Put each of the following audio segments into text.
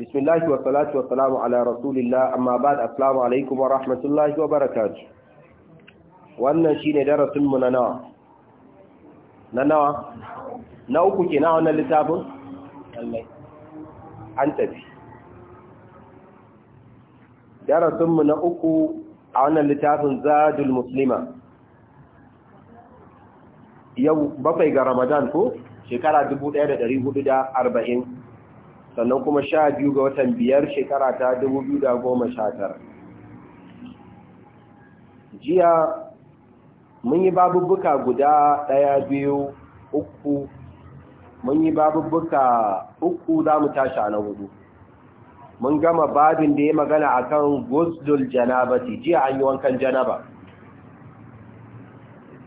بسم الله والصلاة والسلام على رسول الله أما بعد السلام عليكم ورحمة الله wannan shine darasin mu na nawa na uku ke na wannan littafin an tafi darasin mu na uku a wannan littafin zadul muslima yau bakwai ga ramadan ko shekara 1440 sannan kuma sha biyu ga watan biyar shekara ta dubu biyu da goma sha tara jiya mun yi babubuka guda ɗaya biyu uku mun yi babubuka uku za mu tashi a na hudu mun gama babin da ya magana akan guzdul janabati jiya an yi wankan janaba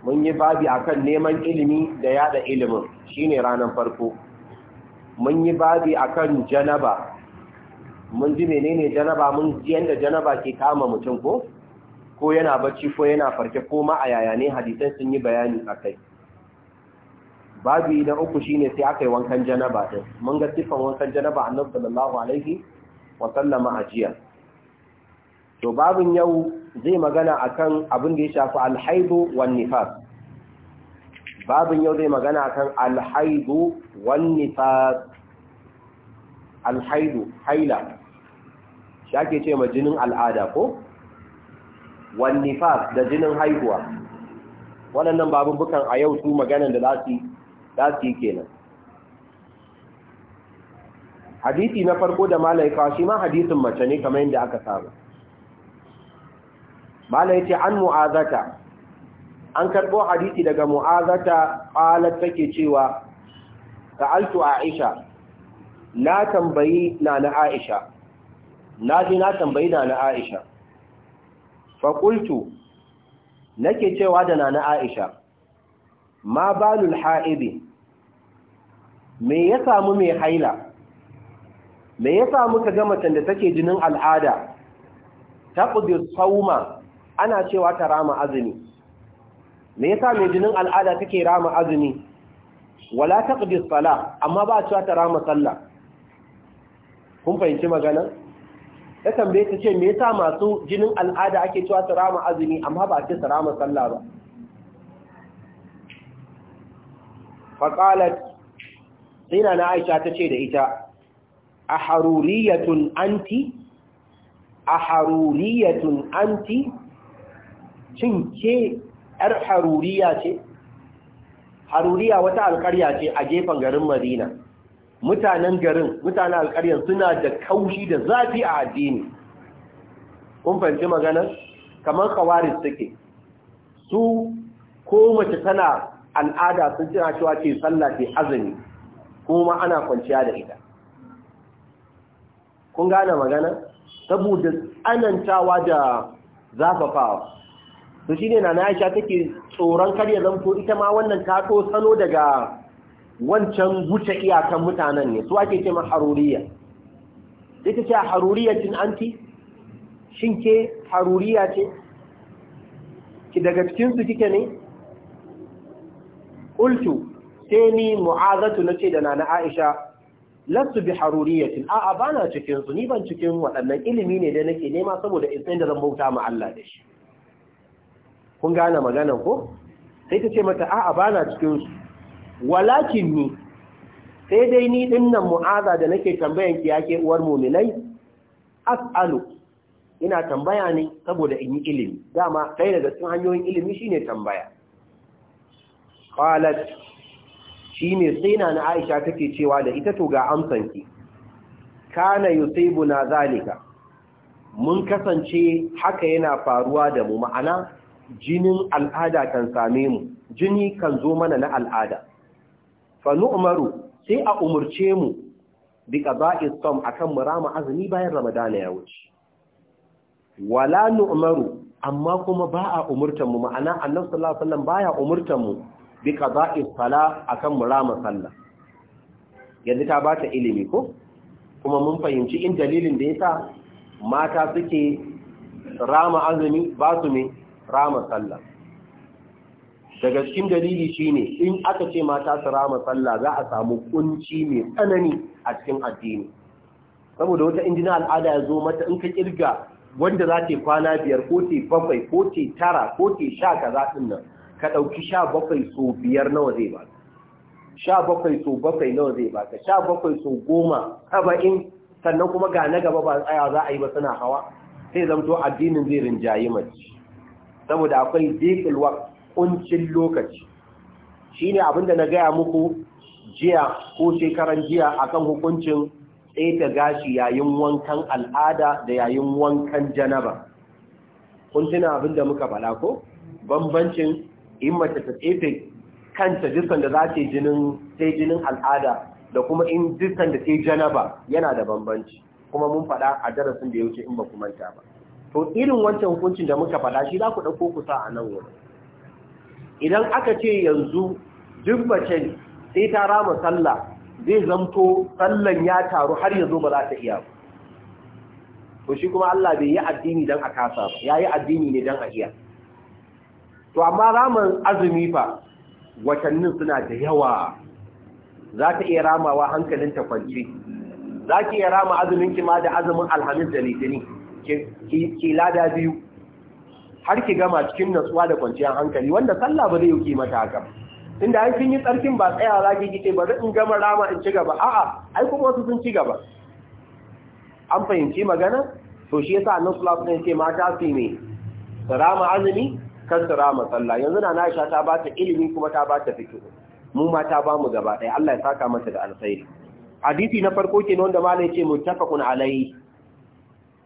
mun yi babi akan neman ilimi da yada ilimin shine ranar farko mun yi babi a kan janaba mun ji menene janaba mun ji yadda janaba ke kama mutum ko ko yana bacci ko yana farke ko ma a yaya ne hadisai sun yi bayani a kai babi na uku shi ne sai aka yi wankan janaba din mun ga siffan wankan janaba annabi sallallahu alaihi wa sallama a jiya. to babin yau zai magana akan abin da ya shafi alhaidu wa nifas babin yau zai magana kan alhaidu wani fa alhaidu haila shi ake ce ma jinin al'ada ko wani da jinin haihuwa waɗannan babin bukan a yau su maganan da za su yi kenan hadisi na farko da malaika shi ma hadisin mace ne kamar yadda aka samu malai ce an mu'azata an karɓo hadisi daga mu'azata qalat take cewa sa'altu aisha na tambayi nana aisha na ji na tambayi nana aisha fa qultu nake cewa da nana aisha ma balul ha'ibi me ya samu mai haila me ya samu ka ga macen da take jinin al'ada taqdi sawma ana cewa ta rama azumi me yasa mai jinin al'ada take rama azumi wala taqdi salah amma ba cewa ta rama sallah kun fahimci magana ta tambaye ta ce me yasa masu jinin al'ada ake cewa ta rama azumi amma ba ce su rama sallah ba qalat Sina na Aisha ta ce da ita ahruriyatun anti ahruriyatun anti cin ke ‘yar haruriya ce haruriya wata alƙarya ce a gefen garin madina mutanen garin mutanen alƙaryar suna da kaushi da zafi a addini kun fahimci maganar kamar kawari suke su ko mace tana al'ada sun cina cewa ce sallah ce azumi kuma ana kwanciya da ita kun gane magana saboda tsanantawa da zafafawa to shine na Aisha take tsoron karya zan zanto ita ma wannan ta to sano daga wancan wuce iyakan mutanen ne su ake ce ma haruriya ita ce haruriyatin anti shin ke haruriya ce ki daga cikin su kike ne qultu sai ni mu'azatu nace da nana Aisha lasu bi haruriyatin a'a bana cikin su ni ban cikin waɗannan ilimi ne da nake nema saboda in san da zan bauta ma Allah da shi kun gane maganan ko sai ta ce mata a'a bana cikin su walakin ni sai dai ni dinnan mu'aza da nake tambayan ki yake uwar mu'minai as'alu ina tambaya ne saboda in yi ilimi dama kai daga cikin hanyoyin ilimi shine tambaya qalat shine sai na Aisha take cewa da ita to ga amsanki kana yusibuna zalika mun kasance haka yana faruwa da mu ma'ana jinin al'ada kan same mu jini kan zo mana na al'ada fa nu'maru sai a umurce mu bi qada'i a akan murama azumi bayan ramadana ya wuce wala nu'maru amma kuma ba a umurtan mu ma'ana annabi sallallahu alaihi wasallam baya umurtan mu bi qada'i sala akan murama sallah yanzu ta bata ilimi ko kuma mun fahimci in dalilin da yasa mata suke rama azumi ba su ne. rama sallah daga cikin dalili shine in aka ce mata su rama sallah za a samu kunci mai tsanani a cikin addini saboda wata injina al'ada ya zo mata in ka kirga wanda za ta kwana biyar ko ta bakwai ko ta tara ko ta sha kaza din nan ka ɗauki sha bakwai so biyar nawa zai ba sha bakwai so bakwai nawa zai ba ka sha bakwai so goma saba'in sannan kuma ga na gaba ba tsaya za a yi ba suna hawa sai zamto addinin zai rinjayi mace saboda akwai dhiqil wa kuncin lokaci shi shine abinda na gaya muku jiya ko shekaran jiya akan hukuncin tseta gashi yayin wankan al'ada da yayin wankan janaba kuncin abinda muka bala ko bambancin in mace ta tsefe kanta jiskan da za ta jinin jinin al'ada da kuma in jiskan da ta janaba yana da bambanci kuma mun faɗa a darasin da ya wuce in ba ku manta ba to irin wancan hukuncin da muka faɗa shi za ku ɗauko kusa a nan wuri idan aka ce yanzu duk mace sai ta rama sallah zai zamto sallan ya taru har yanzu ba za ta iya ba to shi kuma Allah bai yi addini don a kasa ba ya yi addini ne don a iya to amma raman azumi fa watannin suna da yawa za ta iya ramawa hankalinta kwanci za ki iya rama azumin ki ma da azumin alhamis da litinin ki lada biyu har ki gama cikin natsuwa da kwanciyar hankali wanda sallah ba zai yi mata haka inda an kin yi tsarkin ba tsaya za ki gice ba in gama rama in ci gaba a'a ai kuma wasu sun ci gaba an fahimci magana to shi yasa annabi sallallahu alaihi wasallam ce mata su ne azumi kan sallah yanzu na Aisha ta ba ta ilimi kuma ta ba ta fikihu mu mata ba mu gaba ɗaya Allah ya saka mata da alkhairi hadisi na farko kenan wanda malai ce muttafaqun alaihi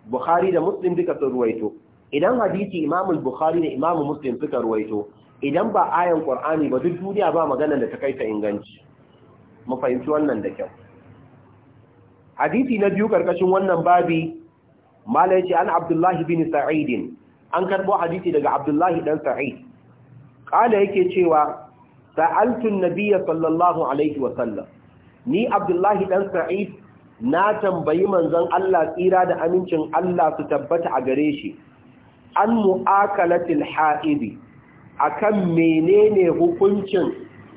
Bukhari da Muslim duka sun ruwaito idan hadisi Imam Bukhari da Imam Muslim suka ruwaito idan ba ayan Qur'ani ba duk duniya ba magana da ta kai ta inganci mu fahimci wannan da kyau hadisi na biyu karkashin wannan babi malai ce an Abdullahi bin Sa'id an karbo hadisi daga Abdullahi dan Sa'id kala yake cewa sa'altu an-nabiy sallallahu alaihi wa sallam ni Abdullahi dan Sa'id na tambayi manzon Allah tsira da amincin Allah su tabbata a gare shi an mu'akalatil ha'idi akan menene hukuncin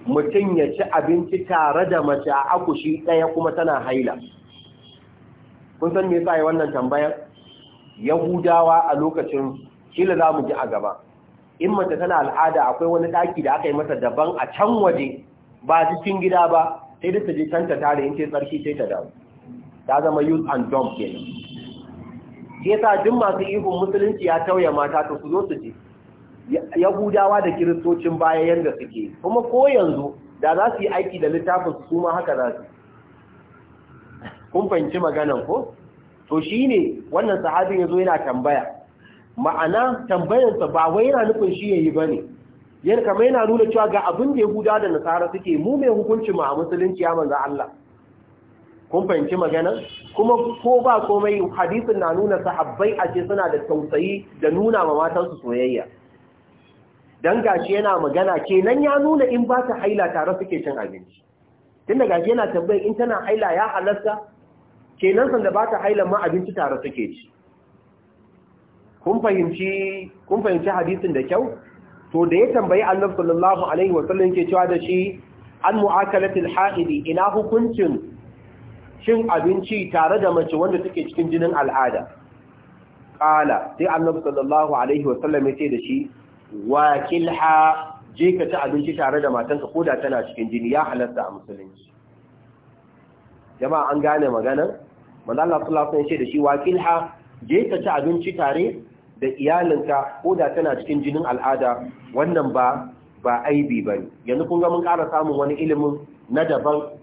mutum ya ci abinci tare da mace a akushi ɗaya kuma tana haila kun san me yasa yi wannan tambayar yahudawa a lokacin kila za mu ji a gaba in mace tana al'ada akwai wani daki da aka yi mata daban a can waje ba cikin gida ba sai da ta je can ta tare in ce tsarki sai ta dawo ta zama use and job kenan Ke duk masu ihun musulunci ya tauya mata to su zo su ji yahudawa da kiristocin baya yanda suke kuma ko yanzu da za su yi aiki da littafin su kuma haka za su kun fahimci maganan ko to ne wannan sahabin yazo yana tambaya ma'ana tambayarsa ba wai yana nufin shi yayi ne, yana kamar yana nuna cewa ga abin da yahudawa da Nasara suke mu mai hukunci mu a musulunci ya manza Allah kun fahimci magana kuma ko ba komai hadisin na nuna sahabbai a ce suna da tausayi da nuna ma matansu soyayya dan gashi yana magana kenan ya nuna in ba ta haila tare suke cin abinci tunda gashi yana tambayar in tana haila ya halarta kenan sanda ba ta haila ma abinci tare suke ci kun fahimci kun fahimci hadisin da kyau to da ya tambayi Allah sallallahu alaihi wasallam ke cewa da shi an mu'akalatil ha'idi ina hukuncin cin abinci tare da mace wanda take cikin jinin al'ada ƙala sai annabi sallallahu alaihi wasallam ya ce da shi kilha je ka ci abinci tare da matanka ko da tana cikin jini ya halatta a musulunci jama'a an gane magana manzo Allah sallallahu alaihi da shi kilha je ka ci abinci tare da iyalinka ko da tana cikin jinin al'ada wannan ba ba aibi bane yanzu kun ga mun ƙara samun wani ilimin na daban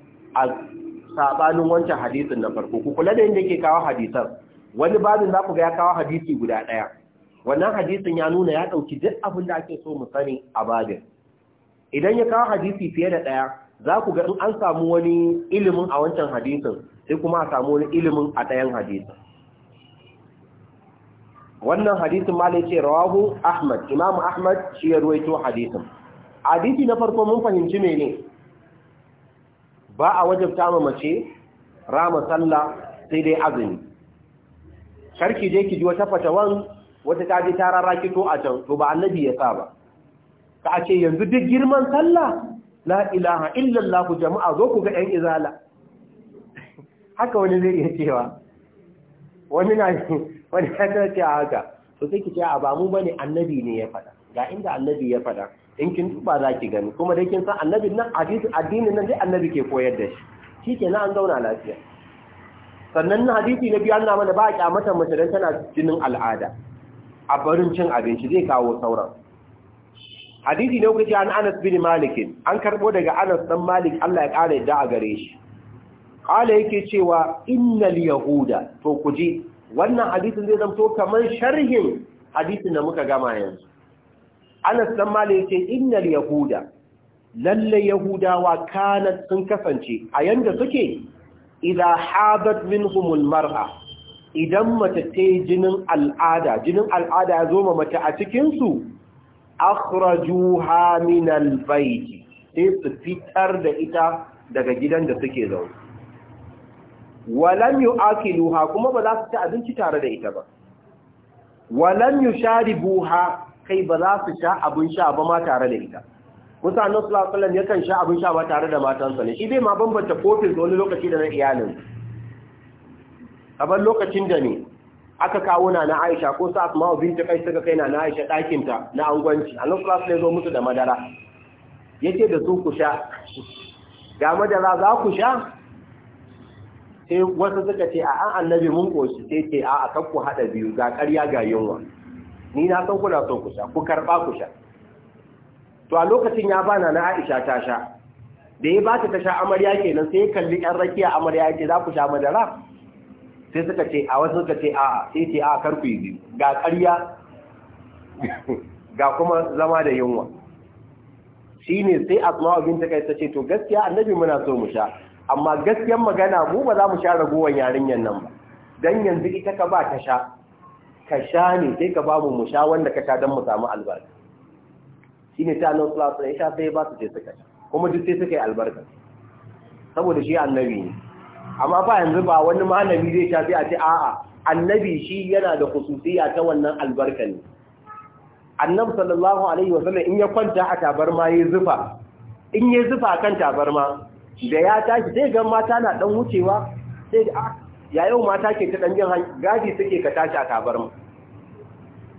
sabanin wancan hadisin na farko ku kula da inda yake kawo hadisan wani babin za ku ga ya kawo hadisi guda ɗaya wannan hadisin ya nuna ya ɗauki duk abin da ake so mu sani a babin idan ya kawo hadisi fiye da ɗaya za ku ga in an samu wani ilimin a wancan hadisin sai kuma a samu wani ilimin a ɗayan hadisin wannan hadisin malai ce rawahu ahmad imamu ahmad shi ya ruwaito hadisin hadisi na farko mun fahimci mene ba a wajabta ma mace rama sallah sai dai azumi sharki je ki ji wata fatawan wata ta ji ta raki to a can to ba annabi ya sa ba ta ce yanzu duk girman sallah la ilaha illallah jama'a zo ku ga yan izala haka wani zai iya cewa wani na wani ya ce haka to sai ki ce a ba mu bane annabi ne ya faɗa ga inda annabi ya faɗa in kin tuba za ki gani kuma dai kin san annabi nan addinin nan dai annabi ke koyar da shi shi ke na an zauna lafiya sannan na hadisi na biyu an mana ba a kyamatar mace dan tana jinin al'ada a barin cin abinci zai kawo sauran hadisi na kuce an anas bin malikin an karbo daga anas dan malik Allah ya kara yadda a gare shi kala yake cewa innal yahuda to ku wannan hadisin zai zamto kamar sharhin hadisin da muka gama yanzu Anas dan Malik yace innal yahuda lalle yahudawa kana sun kasance a yanda suke idza habat minhumul mar'a idan mace ta jinin al'ada jinin al'ada ya zo mace a cikin su akhrajuha min al-bayt sai su fitar da ita daga gidan da suke zaune walam yu'akiluha kuma ba za su ci abinci tare da ita ba walam yusharibuha kai ba za su sha abin sha ba ma tare da ita mutanen sulasulan ya kan sha abin sha ba tare da matansa ne shi bai ma bambanta kofin wani lokaci da na iyalin ban lokacin da ne aka kawo na na aisha ko sa asma binta kai suka kai na na aisha ɗakinta na angwanci annan sulasulan ya zo musu da madara yake da su ku sha ga madara za ku sha sai wasu suka ce a an annabi mun koshi sai ce a a kakku haɗa biyu ga ƙarya ga yunwa ni na san kuna son ku sha ku karba ku sha to a lokacin ya bana na Aisha ta sha da ya bata ta sha amarya kenan sai ya kalli ɗan rakiya amarya ya ce za ku sha madara sai suka ce a wasu suka ce a'a sai ce a ku yi ga ƙarya ga kuma zama da yunwa shine sai asma'u binta kai ta ce to gaskiya annabi muna so mu sha amma gaskiyar magana mu ba za mu sha ragowar yarinyar nan ba dan yanzu ita ka ba ta sha ka sha ne sai ka babu mu sha wanda ka sha don mu samu albarka shi ne ta nan sulasa ya sha sai ba su ce suka kuma duk sai suka yi albarka saboda shi annabi ne amma fa yanzu ba wani malami zai sha sai a ce a'a annabi shi yana da khususiyya ta wannan albarka ne annabi sallallahu alaihi sallam in ya kwanta a tabarma ya zufa in ya zufa kan tabarma da ya tashi sai ga mata na dan wucewa sai a ya yau mata ke ta ɗanjin gadi suke ka tashi a tabar mu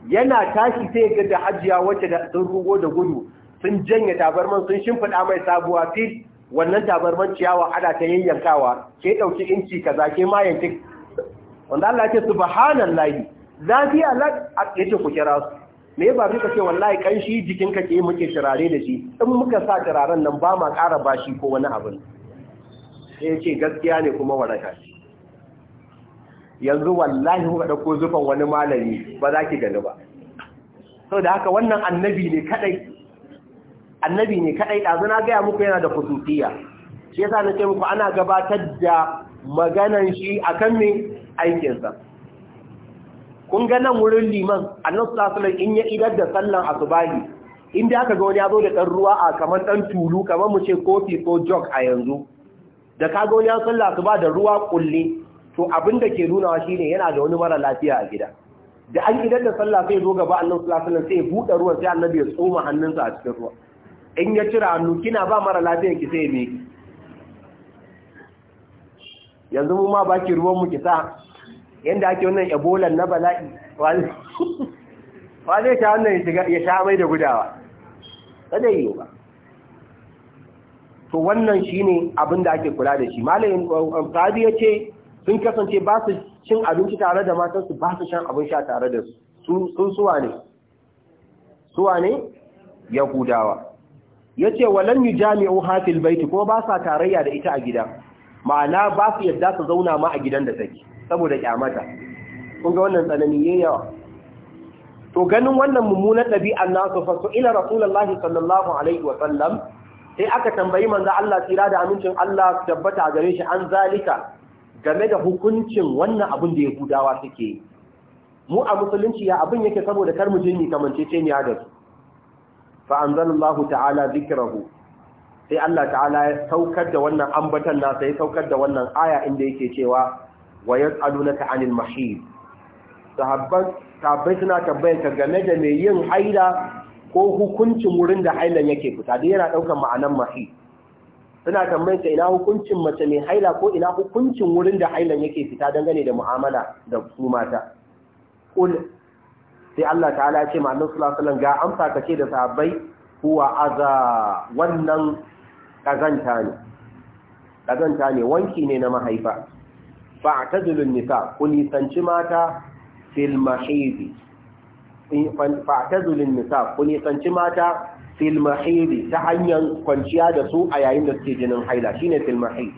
yana tashi sai ga da hajiya wacce da sun rugo da gudu sun janye man sun shimfida mai sabuwa fil wannan tabarman ciyawa ana ta yayyankawa ke ɗauki inci kaza ke ma yanki wanda Allah ya ce subhanallahi lafiya lak yace ku kira su me ba ka ce wallahi kanshi jikinka ke muke turare da shi in muka sa turaren nan ba ma ƙara bashi ko wani abin sai ya ce gaskiya ne kuma waraka shi yanzu wallahi kuka dauko zufan wani malami ba za ki gani ba saboda haka wannan annabi ne kaɗai annabi ne zuna ga gaya muku yana da kusurtiya shi yasa na ce muku ana gabatar da maganar shi akan me aikin aikinsa kun ga nan wurin liman annabi sallallahu in ya idar da sallan asubahi inda aka ga wani ya zo da ɗan ruwa a kamar ɗan tulu kamar mu ce kofi ko jog a yanzu da ka ga wani ya sallah asuba da ruwa ƙulle. to abin da ke shi shine yana da wani mara lafiya a gida da an idan da sallah sai zo gaba annabi sallallahu alaihi wasallam sai buɗe ruwan sai annabi ya tsoma hannunsa a cikin ruwa in ya cira hannu kina ba mara lafiyan ki sai me yanzu mu ma baki ruwan mu ki sa yanda ake wannan ebola na bala'i wa zai ta wannan ya sha mai da gudawa kada yi ba to wannan shine abin da ake kula da shi malamin qadi eh, yace sun kasance ba su cin abinci tare da matansu ba su shan abin sha tare da su sun suwa ne suwa ne yahudawa ya ce walan yi jami'un hafil baiti kuma ba sa tarayya da ita a gida ma'ana ba su yadda su zauna ma a gidan da take saboda kyamata kun ga wannan tsanani ya yawa to ganin wannan mummunan ɗabi'an nasu fa su ila rasulullahi sallallahu alaihi wa sallam sai aka tambayi manzo Allah tsira da amincin Allah tabbata a gare shi an zalika game da hukuncin wannan abin da ya yahudawa suke yi mu a musulunci ya abin yake saboda kar mu jinni kamanceceniya da su fa Allah ta'ala zikirahu sai Allah ta'ala ya saukar da wannan ambatan nasa ya saukar da wannan aya inda yake cewa wa yas'alunaka 'anil mahid sahabban suna tambayarka game da mai yin haila ko hukuncin wurin da hailan yake fita dai yana ɗaukar ma'anan mahid suna tambayin ka ina hukuncin mace mai haila ko ina hukuncin wurin da hailan yake fita dangane da mu'amala da su mata kul sai Allah ta'ala ce ma annabi sallallahu alaihi wasallam ga amsa kace da sahabbai huwa aza wannan kazanta ne kazanta ne wanki ne na mahaifa fa tazulun nisa ku sanci mata fil mahidi fa nisa ku nisanci mata fil mahidi ta hanyar kwanciya da su a yayin da suke jinin haila shine fil mahid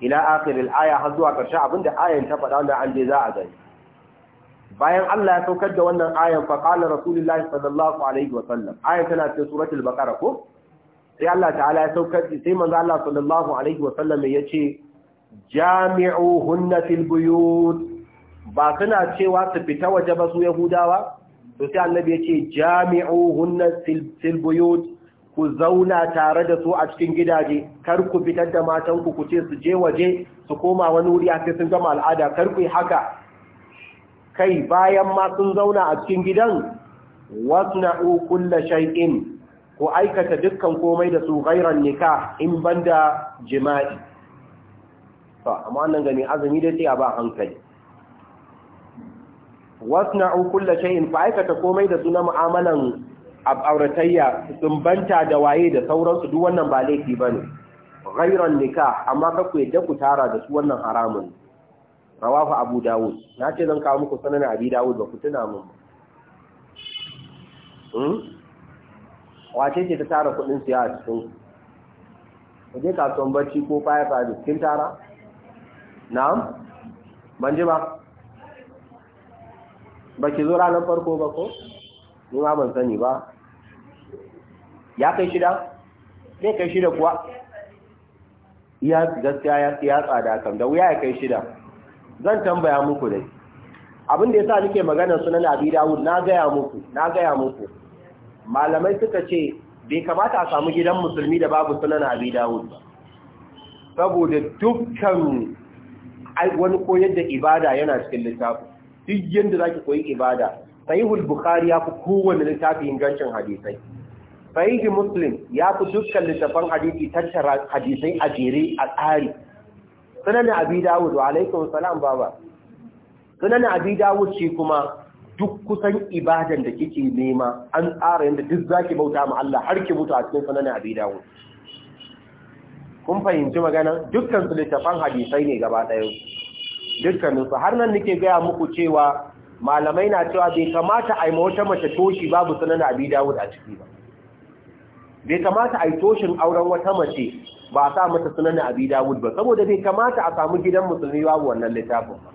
ila akhir aya har zuwa ƙarshe abinda ayan ta faɗa wanda an je za a gani bayan Allah ya saukar da wannan ayan fa qala rasulullahi sallallahu alaihi wa sallam ayan tana cikin suratul baqara ko sai Allah ta'ala ya saukar sai manzo Allah sallallahu alaihi wa sallam ce, jami'uhunna fil buyut ba suna cewa su fita waje ba su yahudawa to sai annabi ya ce jami'uhunna fil buyut ku zauna tare da su a cikin gidaje kar ku fitar da matan ku ku ce su je waje su koma wani wuri a cikin gama al'ada kar ku yi haka kai bayan ma sun zauna a cikin gidan wasna'u kulla shay'in ku aikata dukkan komai da su ghairan nikah in banda jima'i to amma nan gani azumi dai sai a ba hankali wasna'u kulla shay'in fa aikata komai da sunan mu'amalan auratayya banta da waye da sauransu duk wannan ba laifi bane ghayran nikah amma ka ku yadda ku tara da su wannan haramun rawahu abu dawud na ce zan kawo muku sanana abi dawud ba ku tuna mun hmm wace ce ta tara kudin siya a cikin ku je kasuwan barci ko fire service kin tara na'am ban ji ba ba ki zo ranar farko ba ko ni ma ban sani ba ya kai shida ne kai shida kuwa ya gaskiya ya tsaya tsada kan. da wuya ya kai shida zan tambaya muku dai abin da yasa nake magana sunan Abi Dawud na gaya muku na gaya muku malamai suka ce bai kamata a samu gidan musulmi da babu sunan Abi Dawud ba saboda dukkan wani koyar da ibada yana cikin littafin duk yadda za ki koyi ibada sahihul bukhari ya fi kowane littafi ingancin hadisai sahihi muslim ya fi dukkan littafan hadisi tattara hadisai a jere a tsari sunan abi dawud wa alaikum salam baba sunan abi dawud shi kuma duk kusan ibadan da kike nema an tsara yadda duk zaki bauta ma Allah har ki mutu a cikin sunan abi dawud kun fahimci magana dukkan su littafan hadisai ne gaba ɗaya dukkaninsu har nan nake gaya muku cewa malamai na cewa bai kamata a yi wata mace toshi babu da abi dawud a ciki ba bai kamata a yi toshin auren wata mace ba a sa mata da abi dawud ba saboda bai kamata a samu gidan musulmi babu wannan littafin ba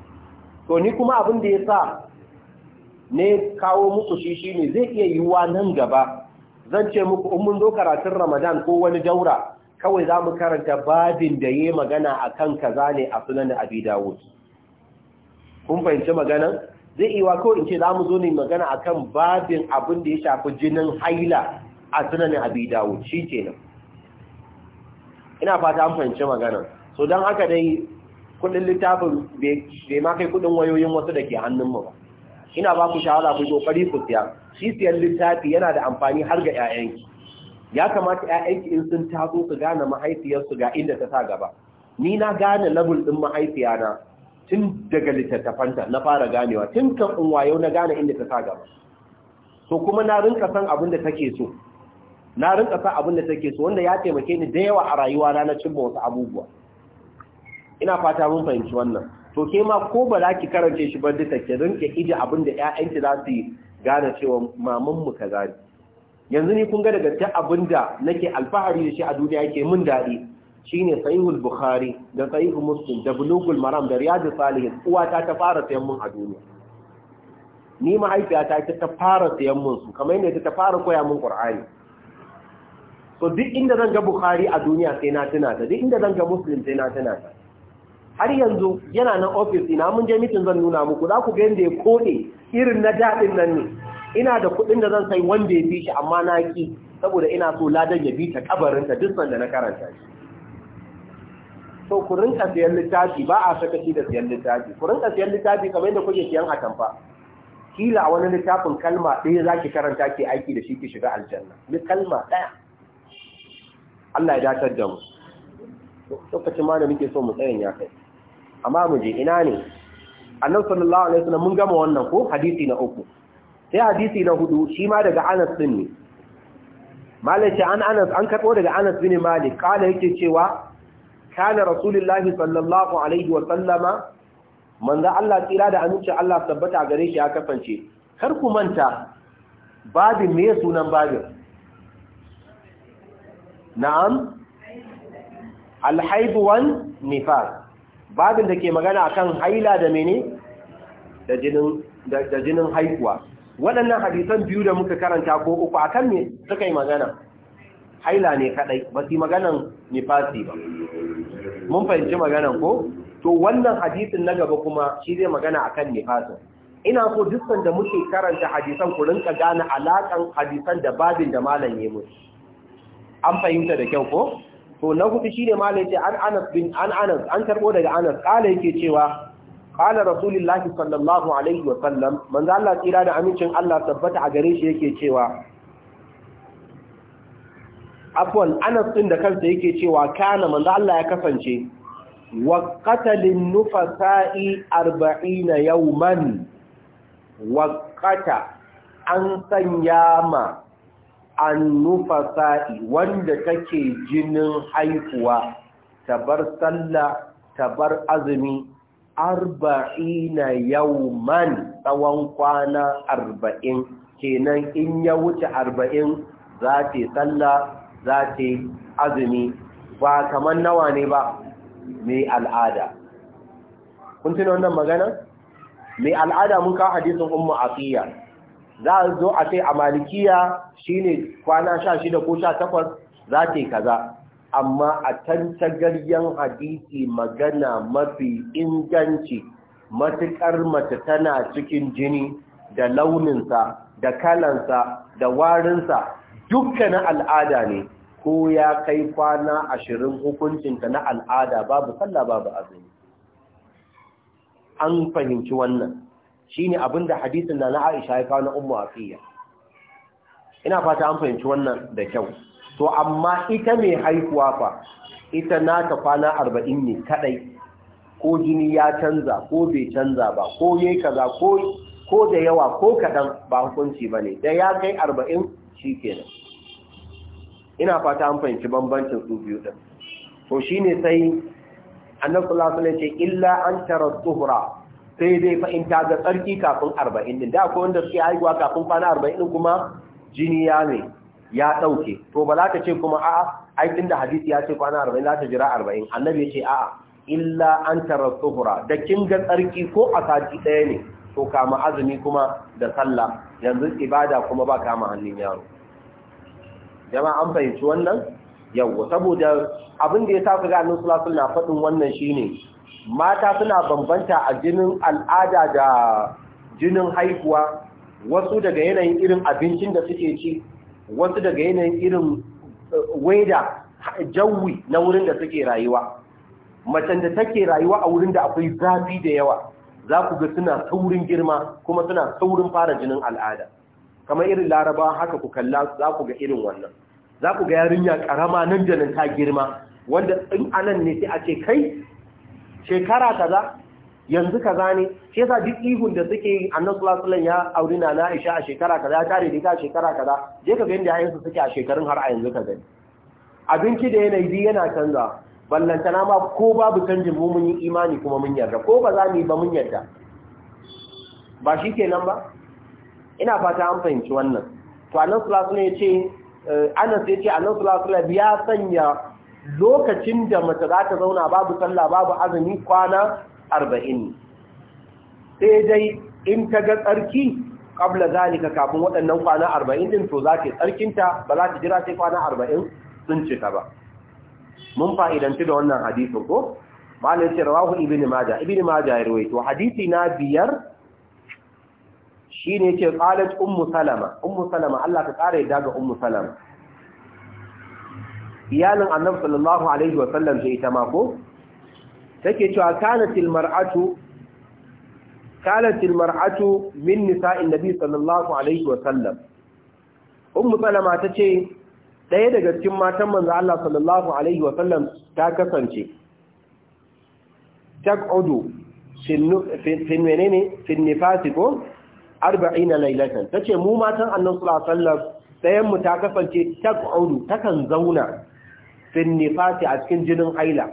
to ni kuma abin da ya sa ne kawo muku shi ne zai iya yiwuwa nan gaba zan ce muku in mun zo karatun ramadan ko wani daura kawai za mu karanta babin da ya yi magana a kan kaza ne a sunan abi dawud kun fahimci magana zai iya kawai in ce za mu zo ne magana akan babin abin da ya shafi jinin haila a sunanin abi shi shi nan ina fata an fahimci magana so don haka dai kudin littafin bai ma kai kudin wayoyin wasu da ke hannunmu ba ina ba ku shawara ku kokari ku siya shi siyan littafi yana da amfani har ga 'ya'yanki ya kamata 'ya'yanki in sun taso su gane mahaifiyarsu ga inda ta sa gaba ni na gane labul din mahaifiyana tun daga littattafanta na fara ganewa tun kan unwayo na gane inda ta sa gaba so kuma na rinka san abin da take so na rinka san abin da take so wanda ya taimake ni da yawa a rayuwa na na cimma wasu abubuwa ina fata mun fahimci wannan to ke ma ko ba za ki karance shi ba duka ki rinka ije abin da ƴaƴanki za su gane cewa maman mu kaza ne yanzu ni kun ga daga ta abin da nake alfahari da shi a duniya yake mun daɗi shine sahihul bukhari da sahihul muslim da bulugul maram da riyadus salihin uwata ta fara sayan mun a duniya ni mahaifiyata ita ta fara sayan mun su kamar yadda ita ta fara koya mun qur'ani to duk inda zan ga bukhari a duniya sai na tuna ta duk inda zan ga muslim sai na tuna ta har yanzu yana nan office ina mun je meeting zan nuna muku za ku ga yanda ya kode irin na dadin nan ne ina da kuɗin da zan sai wanda ya fi shi amma na ki saboda ina so ladan ya bi ta kabarinta duk sanda na karanta shi so ku rinka siyan littafi ba a sakaci da siyan littafi ku rinka siyan littafi kamar yadda kuke siyan atamfa kila a wani littafin kalma ɗaya za ki karanta ke aiki da shi ki shiga aljanna ni kalma ɗaya Allah ya datar da mu lokacin ma da muke so mu tsayin ya kai amma mu je ina ne annabi sallallahu alaihi wasallam mun gama wannan ko hadisi na uku sai hadisi na hudu shi ma daga Anas din ne malai ce an Anas an karbo daga Anas bin Malik kala yake cewa kana rasulullahi sallallahu alaihi wa sallama manzo Allah tsira da aminci Allah tabbata gare shi ya kasance kar ku manta babin me sunan babin na'am alhaibu wan nifas babin da ke magana akan haila da mene da jinin da jinin haihuwa waɗannan hadisan biyu da muka karanta ko uku akan me suka yi magana haila ne kadai ba su yi maganan nifasi ba mun fahimci magana ko to wannan hadisin na gaba kuma shi zai magana akan nifasin ina so dukkan da muke karanta hadisan ku rinka gane alakan hadisan da babin da malam ya mutu an fahimta da kyau ko to na hudu shine malam yace an Anas bin an Anas an karbo daga Anas kala yake cewa qala rasulullahi sallallahu alaihi wa sallam manzo Allah tsira da amincin Allah tabbata a gare shi yake cewa afwan Anas din da kansa yake cewa kana manzo Allah ya kasance wa qatalin nufasa'i 40 yawman wa qata an sanya ma an nufasa'i wanda take jinin haihuwa tabar salla tabar azumi arba'ina yauman tsawon kwana arba'in kenan in ya wuce arba'in za ta sallah za ta yi azumi ba kamar nawa ne ba mai al'ada kun tuna wannan magana mai al'ada mun kawo hadisin Umma fiya. za a zo a sai a malikiya shine kwana sha shida ko sha takwas za ta yi kaza amma a tantagaryen hadisi magana mafi inganci matuƙar mace tana cikin jini da launinsa da kalansa da warinsa dukkanin al'ada ne ko ya kai kwana ashirin hukuncinta na al'ada babu sallah babu azumi an fahimci wannan shine abinda hadisin da na Aisha ya kawo na Ummu Afiya ina fata an fahimci wannan da kyau to amma ita mai haihuwa fa ita na ta kwana arba'in ne kadai ko jini ya canza ko bai canza ba ko yayi kaza ko ko da yawa ko kadan ba hukunci bane da ya kai arba'in shikenan ina fata an fahimci bambancin su biyu din to shine sai annabi sallallahu alaihi wasallam ce illa an tara tuhra sai dai fa in ta ga tsarki kafin 40 din da akwai wanda suke aiwa kafin kwana 40 din kuma jini ya ne ya dauke to ba za ta ce kuma a'a ai tunda hadisi ya ce kwana 40 za ta jira 40 annabi ya ce a'a illa an tara tuhra da kin ga tsarki ko a sati daya ne to kama azumi kuma da sallah yanzu ibada kuma ba kama hannun yaro jama'a an fahimci wannan yawo saboda abin da ya sa kaga annabi sallallahu alaihi faɗin wannan shine mata suna bambanta a jinin al'ada da jinin haihuwa wasu daga yanayin irin abincin da suke ci wasu daga yanayin irin eh, waida jawi na wurin da suke rayuwa macen da take rayuwa a wurin da akwai zafi da yawa za ku ga suna saurin girma kuma suna saurin fara jinin al'ada kamar irin laraba haka ku kalla za ku ga irin wannan za ku ga yarinya karama nan da nan ta girma wanda in anan ne sai a ce kai shekara kaza yanzu kaza ne shi yasa duk ihun da suke yi annabi sallallahu ya auri na na Aisha a shekara kaza ya tare da ka shekara kaza je ka ga inda su suke a shekarun har a yanzu ka gani abinci da yanayi biyu yana canza na ma ko babu canjin mu mun yi imani kuma mun yarda ko ba za mu yi ba mun yarda ba shi kenan ba ina fata an fahimci wannan to annabi sallallahu ya ce, eh, yace sai yace annabi sallallahu alaihi wasallam ya sanya lokacin da mace za ta zauna babu sallah babu azumi kwana 40 sai dai in ta ga tsarki kabla zalika kafin waɗannan kwana 40 din to za ta tsarkinta ba za ta jira sai kwana 40 sun cika ba mun fa'idanci da wannan hadisin ko malai ce rawahu ibnu majah ibnu majah ya rawaito hadisi na biyar shi ne ce ƙalat ummu salama ummu salama Allah ta ƙara yadda ga ummu salama iyalin annab sallallahu alaihi wasallam sai ita mako take cewa kanatil mar'atu kanatil mar'atu min nisa'in nabi sallallahu alaihi wasallam ummu salama ta ce ɗaya daga cikin matan manzo Allah sallallahu alaihi wasallam ta kasance taq'udu fi menene fi nifasi ko arba'ina lailatan tace mu matan annabi sallallahu alaihi wasallam sayan mu ta kasance ta takan zauna fin nifati a cikin jinin haila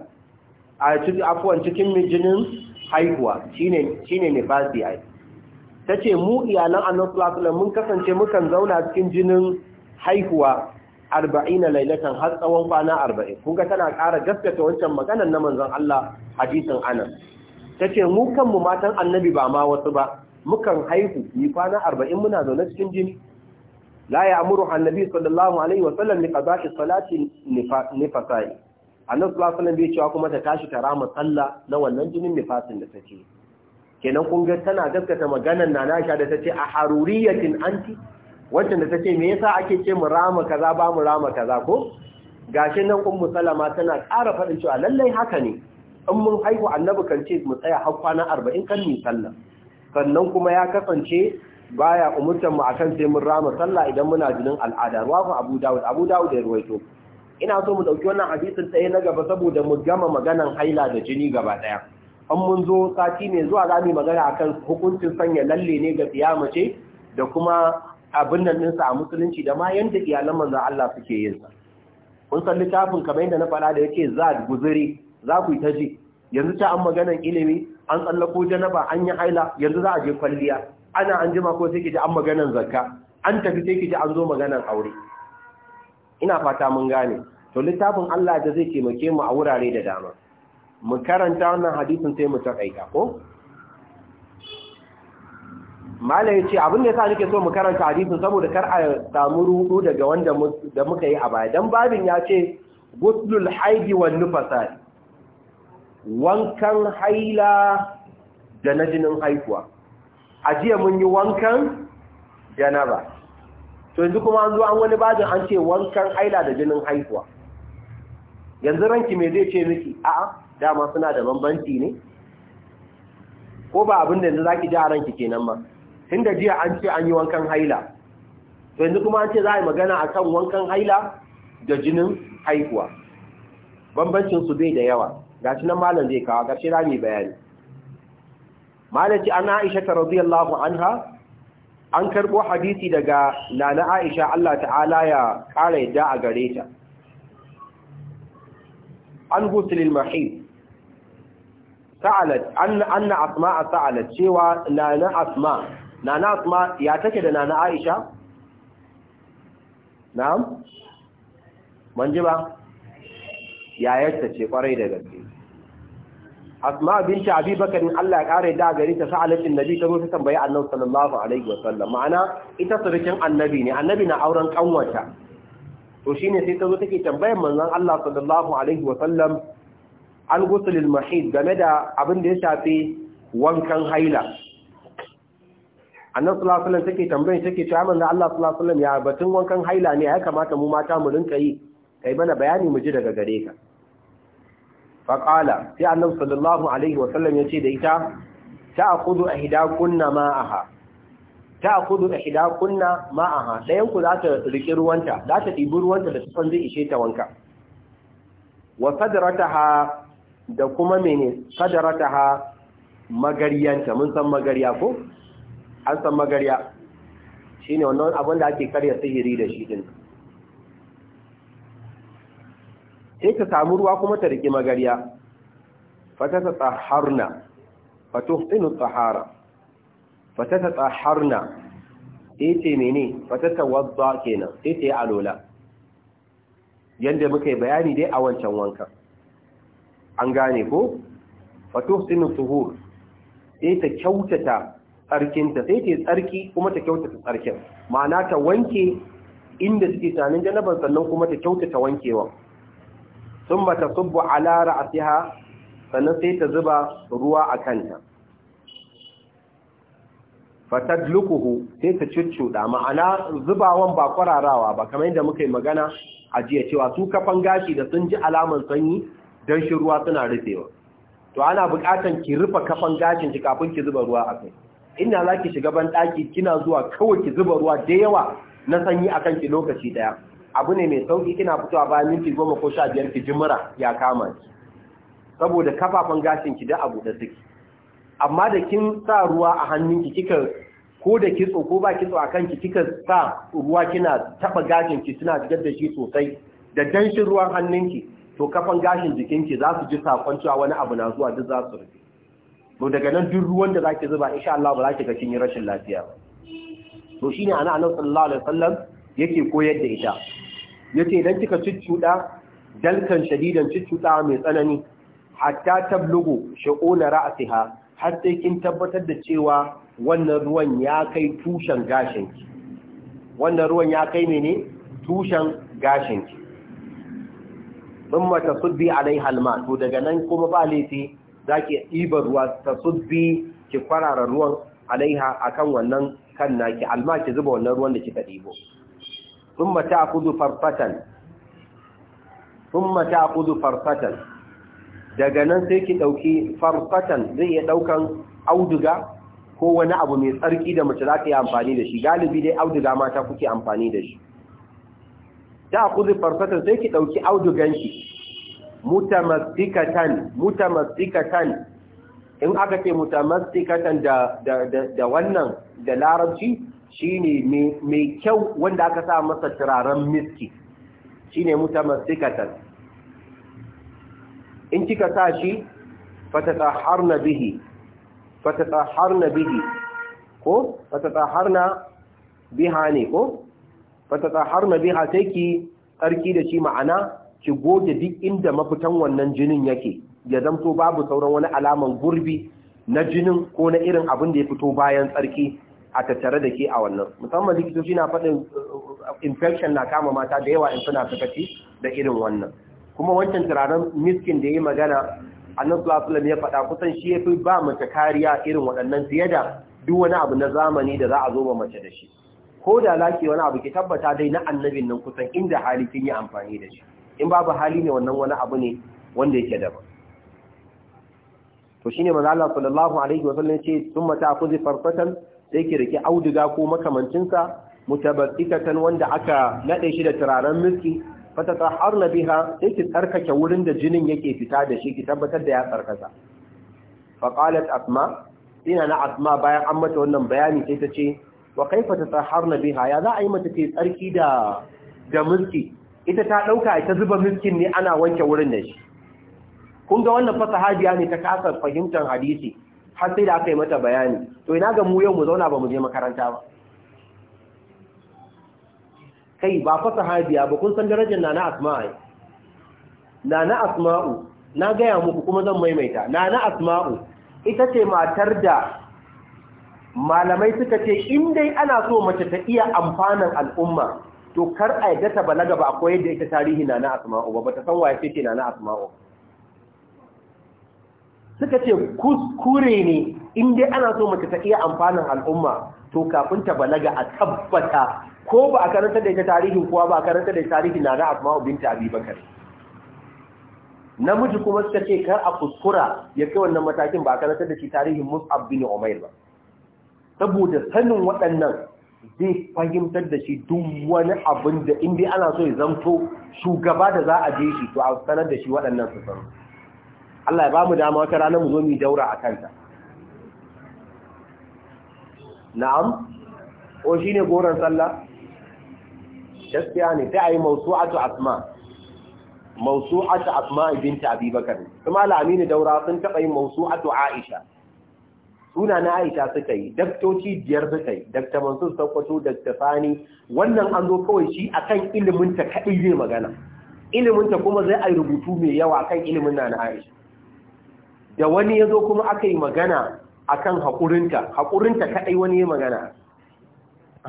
a cikin afwan cikin jinin haihuwa shine shine nifati ai tace mu iyalan annabi sallallahu alaihi wasallam mun kasance mu kan zauna cikin jinin haihuwa arba'ina lailatan har tsawon kwana arba'in kun ga tana ƙara gaskata wancan maganar na manzon Allah hadisin anan tace mu kan mu matan annabi ba ma wasu ba mukan haihu yi kwana arba'in muna zaune cikin jini la ya amuru annabi sallallahu alaihi wa sallam ni qada'i salati fasai annabi sallallahu alaihi wa cewa kuma ta tashi ta rama sallah na wannan jinin nifasin da take kenan kun ga tana gaskata maganar nana sha da tace a haruriyatin anti wancan da tace me yasa ake ce mu rama kaza ba mu rama kaza ko gashi nan kun musallama tana ƙara fadin cewa lallai haka ne in mun haihu annabi kan ce mu tsaya har kwana 40 kan ni sallah sannan kuma ya kasance baya umurtan mu akan sai mun rama sallah idan muna jinin al'ada rawahu Abu Dawud Abu Dawud ya ruwaito ina so mu dauki wannan hadisin tsaye na gaba saboda mu gama maganan haila da jini gaba daya an mun zo sati ne zuwa za mu magana akan hukuncin sanya lalle ne ga mace da kuma abin nan ɗinsa a musulunci da ma yanda iyalan manzon Allah suke yin sa kun san littafin kamar yadda na faɗa da yake za guzuri za ku yi ta ji yanzu ta an maganan ilimi an tsallako janaba an yi haila yanzu za a je kwalliya ana an jima ko sai kiji an maganan zakka an tafi sai kiji an zo maganan aure ina fata mun gane to littafin Allah da zai taimake mu a wurare da dama mu karanta wannan hadisin sai mu takaita ko mala ya ce abin da ya sa nake so mu karanta hadisin saboda kar a samu rudu daga wanda da muka yi a baya dan babin ya ce guslul haidi wan nufasa wankan haila da na jinin haihuwa a jiya mun yi wankan janaba to yanzu kuma an zo an wani bajin an ce wankan haila da jinin haihuwa yanzu ranki me zai ce miki a'a dama suna da bambanci ne ko ba abin da yanzu zaki ji a ranki kenan ma tun da jiya an ce an yi wankan haila to yanzu kuma an ce za a yi magana a kan wankan haila da jinin haihuwa bambancinsu su bai da yawa gashi nan malam zai kawo ƙarshe rami bayani malam ce ana aisha ta radiyallahu anha an karbo hadisi daga nana aisha Allah ta'ala ya ƙara yadda a gare ta an gusulil mahid sa'alat anna a sa'alat cewa nana asma nana asma ya take da nana aisha na'am manje ba yayarta ce kwarai da gaske asma bin shi abi bakarin Allah ya kare da gari ta sa'alatin nabi ta zo ta tambayi annabi sallallahu alaihi wasallam ma'ana ita surukin annabi ne annabi na auren kanwata to shine sai ta zo take tambayar manzon Allah sallallahu alaihi wasallam an gusulil mahid game da abin da ya shafi wankan haila annabi sallallahu alaihi wasallam take tambayin take cewa manzon Allah sallallahu alaihi wasallam ya batun wankan haila ne ya kamata mu mata mu rinka yi kai bana bayani mu ji daga gare ka faƙala sai annabi sallallahu alaihi wasallam ya ce da ita ta'khudhu ihdakunna ma'aha ta'khudhu ihdakunna ma'aha dayan ku za ta riki ruwanta za ta dibi ruwanta da tsan zai ishe ta wanka wa sadrataha da kuma mene sadrataha magariyanta mun san magariya ko an san magariya shine wannan abin da ake karya sihiri da shi din sai ta samu ruwa kuma ta rike magariya fata ta tsaharna fatuhtinu tsahara fata ta tsaharna sai ce mene fata ta wadda kenan sai ta yi alola yadda muka yi bayani dai a wancan wanka. an gane ko fatuhtinu suhur sai ta kyautata tsarkinta sai ta yi tsarki kuma ta kyautata tsarkin ma'ana ta wanke inda suke sanin janabar sannan kuma ta kyautata wankewa sun mata subbu alara a siha sannan sai ta zuba ruwa a kanta lukuhu sai ta cuccuɗa ma'ana zubawan ba kwararawa ba kamar yadda muka yi magana a jiya cewa su kafan gashi da sun ji alaman sanyi don shi ruwa suna rufewa to ana buƙatan ki rufe kafan gashin ki kafin ki zuba ruwa kai ina za ki shiga ban ɗaki kina zuwa kawai ki zuba ruwa da yawa na sanyi a ki lokaci ɗaya abu ne mai sauki kina fitowa bayan minti goma ko sha biyar ki jimura ya kama ki saboda kafafen gashin ki da abu da suke amma da kin sa ruwa a hannunki kika ko da kitso ko ba kitso a kanki kika sa ruwa kina taba gashin ki suna jigar da shi sosai da danshin ruwan hannunki to kafan gashin jikin ki za su ji sakon cewa wani abu na zuwa duk za su rufe to daga nan duk ruwan da zaki zuba insha Allah ba za ki ga kin yi rashin lafiya ba to shine ana annabi sallallahu alaihi wasallam yake koyar da ita Ya ce idan kika cuccuɗa dalkan shadidan cuccuɗa mai tsanani hatta tablugu na ra'siha har sai kin tabbatar da cewa wannan ruwan ya kai tushen gashinki wannan ruwan ya kai mene tushen gashinki thumma tasuddi alaiha halma to daga nan kuma ba laifi zaki ɗiba ruwa tasuddi ki kwarara ruwan alaiha akan wannan kan ki alma ki zuba wannan ruwan da kika ɗibo ثم تأخذ فرفة ثم تأخذ فرفة daga nan sai ki dauki farfatan zai iya daukan auduga ko wani abu mai tsarki da mace za ta yi amfani da shi galibi dai auduga mata kuke amfani da shi ta kuzi farfatan sai ki dauki audugan ki mutamassikatan mutamassikatan in aka ce mutamassikatan da da da, da wannan da larabci shine mai kyau wanda aka sa masa turaren miski shine mutamassikatan in kika sa shi fatatahharna bihi fatatahharna bihi ko fatatahharna biha ne ko fatatahharna biha sai ki tsarki da shi ma'ana ki goge duk inda mafitan wannan jinin yake ya zamto babu sauran wani alaman gurbi na jinin ko na irin abin da ya fito bayan tsarki a tattare da ke a wannan musamman likitoci na faɗin uh, infection na kama mata da yawa in suna sakaci da irin wannan kuma wancan turaren miskin da ya yi magana annan sulasulam ya faɗa kusan shi ya fi ba mace kariya irin waɗannan fiye da duk wani abu na zamani da za a zo ba mace da shi ko da laki wani abu ki tabbata dai na annabin nan kusan inda hali kin yi amfani da shi in babu hali ne wannan wani abu ne wanda yake daban to shine manzo Allah sallallahu alaihi wasallam ce summa ta'khudhi farfatan sai ki rike auduga ko makamancinsa mutabaddikatan wanda aka nade shi da turaren miski fatatahharna biha sai ki tsarkake wurin da jinin yake fita da shi ki tabbatar da ya tsarkasa. faqalat asma ina na asma bayan an mata wannan bayani sai ta ce wa kaifa tatahharna biha ya za a yi mata ke tsarki da da miski ita ta dauka ita zuba miskin ne ana wanke wurin da shi kun ga wannan fasahabiya ne ta kasar fahimtar hadisi har sai da aka yi mata bayani to ina ga mu yau mu zauna ba mu je makaranta ba kai ba fa sahabiya ba kun san darajar nana asma'a nana asma'u na gaya muku kuma zan maimaita nana asma'u ita ce matar da malamai suka ce in dai ana so mace ta iya amfanan al'umma to kar a yadda ta balaga ba akwai yadda ita tarihi nana asma'u ba ba ta san waye ce nana asma'u ba suka ce kuskure ne in dai ana so mace ta iya amfanin al'umma to kafin ta balaga a tabbata ko ba a karanta da ita tarihin kuwa ba a karanta da tarihin na na asma'u binta abubakar namiji kuma suka ce kar a kuskura ya kai wannan matakin ba a karanta da shi tarihin mus'ab bin umair ba saboda sanin waɗannan zai fahimtar da shi duk wani abin da in dai ana so ya zamto shugaba da za a je shi to a sanar da shi waɗannan su sanu Allah ya ba mu dama wata rana mu zo mu daura a kanta na'am ko shine goran sallah gaskiya ne ta ayi mawsu'atu asma mawsu'atu asma bint abi bakar. kuma al-amini daura sun taba yin mawsu'atu aisha suna na aisha suka yi daktoci biyar suka yi dakta mansur Sokoto, dakta sani wannan an zo kawai shi akan ilimin ta kadai zai magana ilimin ta kuma zai ai rubutu mai yawa akan ilimin na na aisha da wani ya zo kuma aka yi magana a kan haƙurinta haƙurinta kaɗai wani ya magana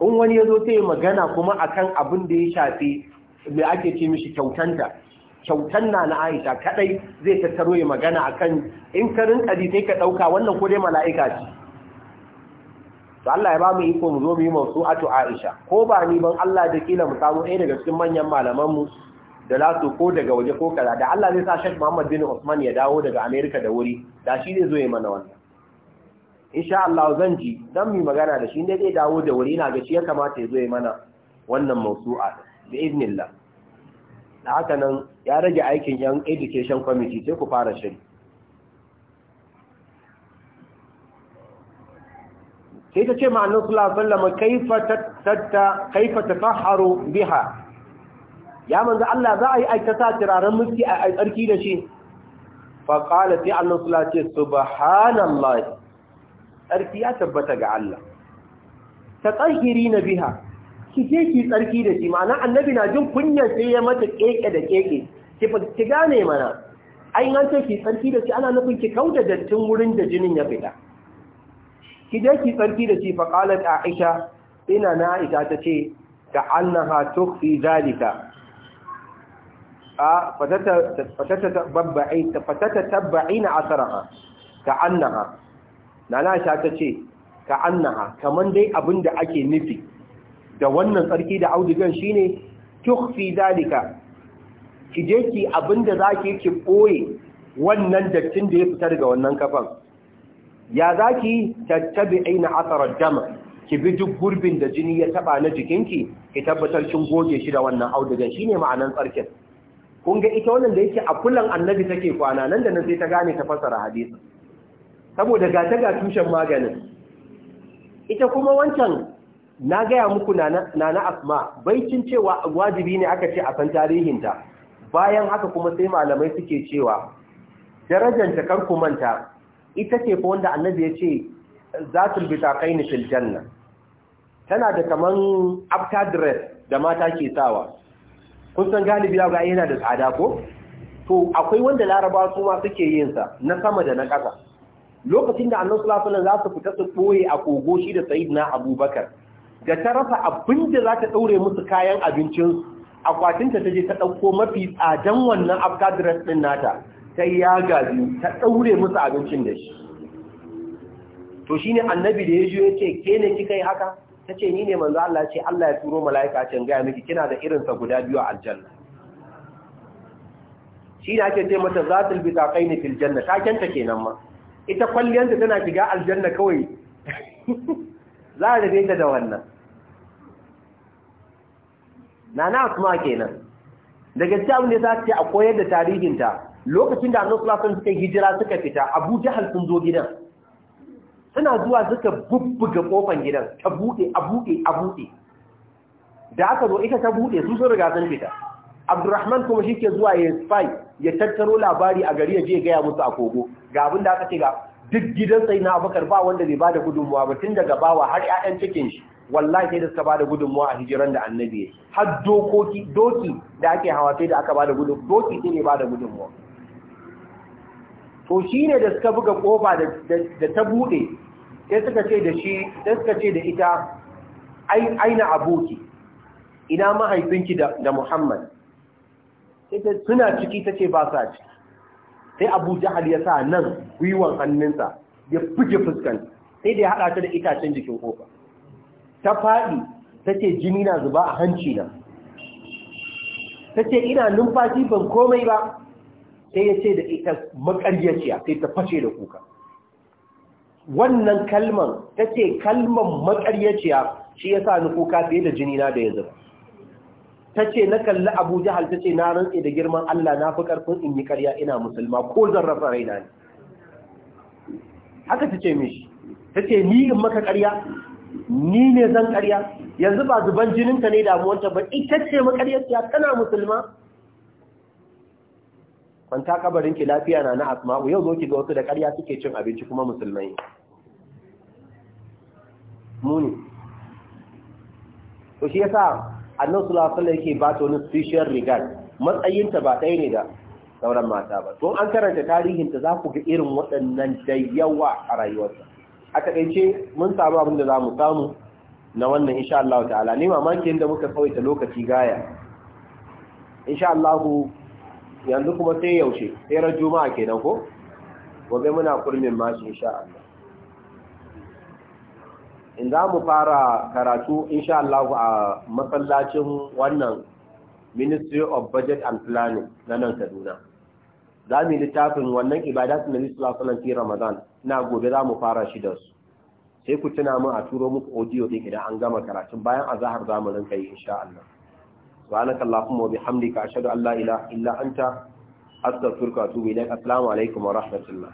in wani ya zo ta yi magana kuma a kan abin da ya shafi mai ake ce mishi kyautanta kyautan na na aisha kaɗai zai tattaro ya magana a kan in karin ɗari sai ka ɗauka wannan ko dai mala'ika ce to Allah ya ba mu iko mu zo mu yi masu ato aisha ko ba ni ban Allah da kila mu samu ɗaya daga cikin manyan malamanmu da za ko daga waje ko kaza da Allah zai sa Sheikh Muhammad bin Usman ya dawo daga Amerika da wuri da shi zai zo yi mana wannan insha Allah zan ji dan mi magana da shi ne zai dawo da wuri ina ga shi ya kamata ya zo ya mana wannan mawsu'a bi idnillah da haka nan ya rage aikin yan education committee sai ku fara shiri sai ta ce ma'anar sulafin alaihi kaifa ta biha ya manzo Allah za a yi aikata turaren miski a tsarki da shi fa sai Allah sula ce subhanallah tsarki ya tabbata ga Allah ta tsarkiri na biha ki je ki tsarki da shi ma'ana annabi na jin kunyar sai ya mata keke da keke ki gane mana ai an ce ki tsarki da shi ana nufin ki kauda dattin wurin da jinin ya fita ki je ki tsarki da shi fa qalat aisha ina na aisha tace ka annaha tukfi zalika a fatata tabba'i na asaraha ka annaha na sha ta ce ka annaha kamar dai abin da ake nufi da wannan tsarki da audigan shi ne tukfi zalika ki je ki abin da za ki ki ɓoye wannan dattin da ya fita daga wannan kafan ya za ki tattabi'i na asarar dama ki bi duk gurbin da jini ya taba na jikinki ki tabbatar kin goge shi da wannan audigan shine ma'anan tsarkin kun ga ita wannan da yake a kullun annabi take kwana nan da nan sai ta gane ta fasara hadisi saboda ga ta ga tushen maganin ita kuma wancan na gaya muku nana asma baicin cewa wajibi ne aka ce a san tarihinta bayan haka kuma sai malamai suke cewa darajanta kar ku manta ita ce fa wanda annabi ya ce zatul bitaqaini fil janna tana da kaman after dress da mata ke sawa kun san galibi ga yana da tsada ko to akwai wanda laraba su ma suke yin sa na sama da na ƙasa lokacin da annabi sallallahu alaihi za su fita su boye a kogo shi da sayyidina abubakar da ta rasa abin da za ta daure musu kayan abincin akwatinta ta je ta ɗauko mafi tsadan wannan afkadres din ɗin nata ta ya gaji ta daure musu abincin da shi to shine annabi da ya je ya ce ke ne kika yi haka ta ce ni ne manzo Allah ce Allah ya turo mala'ika can gaya miki kina da irinsa guda biyu a aljanna shi ne ake ce mata zatul bitaqaini fil janna ta kenta kenan ma ita kwalliyanta tana shiga aljanna kawai za a rabe ta da wannan nana kuma kenan daga gaskiya abin da za ta a koyar da tarihinta lokacin da annabi sallallahu alaihi wasallam suka hijira suka fita Abu Jahal sun zo gidan suna zuwa suka bubbuga kofan gidan ta buɗe, a buɗe, a buɗe. da aka zo ita ta buɗe su sun riga sun fita abdurrahman kuma shi ke zuwa ya spy ya tattaro labari a gari ya je gaya musu a kogo ga abin da aka ce ga duk gidan sai na abakar ba wanda bai bada gudunmuwa ba tun daga bawa har 'ya'yan cikin shi wallahi sai da suka bada gudunmuwa a hijiran da annabi har dokoki doki da ake hawa sai da aka bada gudun doki sai ne bada gudunmuwa to shine da suka buga kofa da ta buɗe. sai suka ce da shi sai suka ce da ita aina aboki ina mahaifinki da Muhammad suna ciki tace ba sa ciki sai Abu Jahal ya sa nan gwiwar hannunsa ya buge fuskan sai da ya haɗa ta da itacen jikin kofa ta fadi tace jini na zuba a hanci na tace ina numfashi ban komai ba sai ya ce da ita makaryaciya sai ta fashe da kuka wannan kalman ta ce kalman makaryaciya shi ya sa ni kuka fiye da jini na da ya zama ta ce na kalli abu jihar ta ce na rantse da girman allah na fi karfin in yi karya ina musulma ko zan raina ne haka ta ce mishi ta ce ni in maka karya ni ne zan karya yanzu ba zuban jininta ne damuwanta ba ita ce makaryaciya tana musulma kwanta kabarin ki lafiya na na asma'u yau zo ki ga wasu da ƙarya suke cin abinci kuma musulmai muni to shi yasa annabi sallallahu alaihi wasallam yake ba ta wani special regard matsayinta ba ɗaya ne da sauran mata ba don an karanta tarihinta za ku ga irin waɗannan da yawa a rayuwarsa a takaice mun samu abin da za mu samu na wannan insha Allah ta'ala ne mamakin da muka kawaita lokaci gaya insha Allah yanzu kuma sai yaushe sai ran juma'a kenan ko gobe muna kurmin shi insha Allah in za mu fara karatu insha Allah a masallacin wannan Ministry of Budget and Planning na nan Kaduna za mu yi littafin wannan ibadatun da Nisu sallan fi Ramadan na gobe za mu fara shi da su. Sai ku tuna mu a turo muku audio ɗin idan an gama karatun bayan a zahar zamurin kai insha Allah. subhanaka allahumma wa bihamdika ashhadu an la ilaha illa anta astaghfiruka wa atubu ilaik assalamu alaikum wa rahmatullah